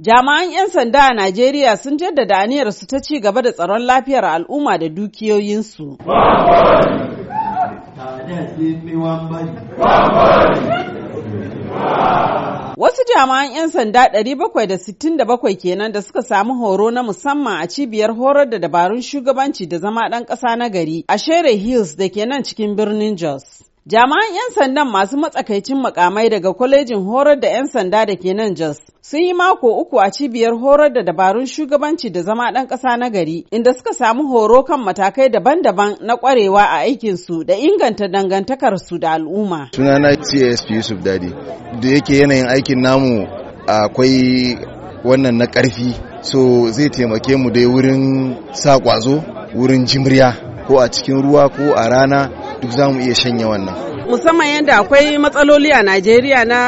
Jama'an 'yan sanda a Najeriya sun jaddada aniyarsu ta ci gaba da tsaron lafiyar al'umma da dukiyoyinsu. Wasu jama'an 'yan sanda 767 kenan da suka samu horo na musamman a cibiyar horar da dabarun shugabanci da zama ɗan ƙasa na gari a Shere Hills da ke nan cikin birnin Jos. Jami'an 'yan sandan masu matsakaicin makamai daga kwalejin horar da 'yan sanda da ke nan Jos sun yi mako uku a cibiyar horar da dabarun shugabanci da zama ɗan ƙasa na gari inda suka samu horo kan matakai daban-daban na ƙwarewa a aikinsu da inganta dangantakar su da al'umma. Sunana CSP Yusuf Dadi da yake yanayin aikin namu akwai wannan na ƙarfi so zai taimake mu dai wurin sa ƙwazo wurin jimriya ko a cikin ruwa ko a rana duk za mu iya shanya wannan musamman yadda akwai matsaloli a najeriya na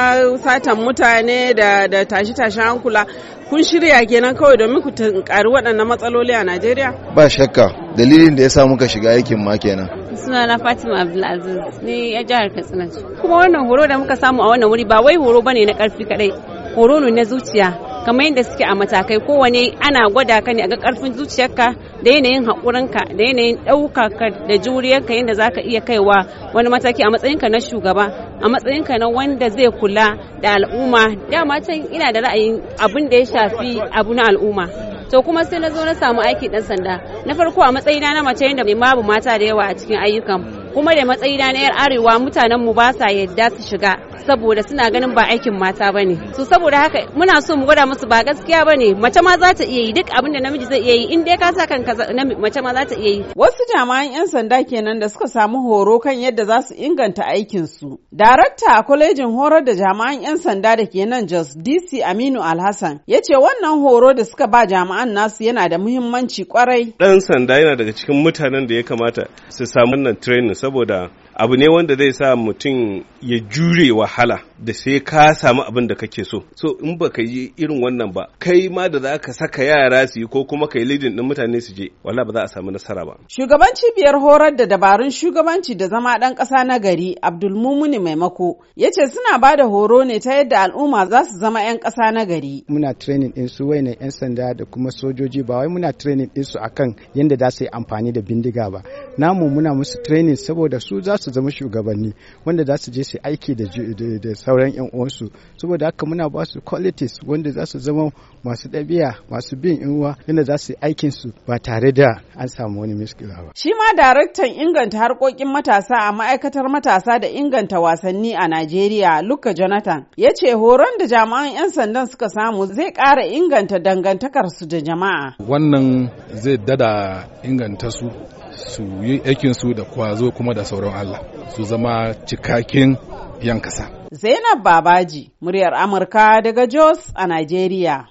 satan mutane da, da tashi hankula kun shirya kenan kawai domin ku tunkari waɗannan matsaloli a najeriya ba shakka dalilin da ya sa muka shiga aikin ma kenan suna na fatima abdulaziz ni ya jihar katsina kuma wannan horo da muka samu a wannan wuri ba wai horo bane na karfi kadai horo ne na zuciya kamar yadda suke a matakai kowane ana gwada ka ne a ga karfin zuciyarka da yanayin haƙurinka da yanayin ɗaukaka da juriyarka yadda za ka iya kaiwa wani mataki a matsayinka na shugaba a matsayinka na wanda zai kula da al'umma dama can ina da ra'ayin abin da ya shafi abu na al'umma to kuma sai na zo na samu aiki ɗan sanda na farko a matsayina na mace yadda da babu mata da yawa a cikin ayyukan kuma da matsayina na yar arewa mutanen mu ba sa yadda su shiga saboda suna ganin ba aikin mata ba ne. so saboda haka muna so mu gwada musu ba gaskiya bane mace ma za ta iya yi duk abin da namiji zai iya yi in dai ka sa kanka mace ma za ta iya yi wasu jami'an yan sanda kenan da suka samu horo kan yadda za su inganta aikin su darakta a kwalejin horar da jami'an yan sanda da ke nan Jos DC Aminu Alhassan ya ce wannan horo da suka ba jami'an nasu yana da muhimmanci kwarai dan sanda yana daga cikin mutanen da ya kamata su samu wannan training saboda abu ne wanda zai sa mutum ya jure wahala da sai ka samu abin da kake so so in ba ka yi irin wannan ba kai ma da za ka saka yara su yi ko kuma kai lidin din mutane su je wala ba za a samu nasara ba shugaban cibiyar horar da dabarun shugabanci da zama dan ƙasa na gari abdulmumuni maimako ya ce suna ba da horo ne ta yadda al'umma za su zama 'yan ƙasa na gari muna training din su ne 'yan sanda da kuma sojoji ba wai muna training din su akan yadda za su yi amfani da bindiga ba namu muna musu training saboda su za su su zama shugabanni wanda za su je su aiki da sauran yan uwansu saboda haka muna ba su qualities wanda za su zama masu ɗabi'a masu bin inuwa yadda za su aikin su ba tare da an samu wani miskila ba shi ma daraktan inganta harkokin matasa a ma'aikatar matasa da inganta wasanni a Najeriya Luka Jonathan ya ce horon da jami'an 'yan sandan suka samu zai ƙara inganta dangantakarsu da jama'a wannan zai dada inganta su su yi aikinsu da kwazo kuma da sauran Allah su zama cikakken yan kasa. Zainab Babaji, muryar Amurka daga Jos a Najeriya.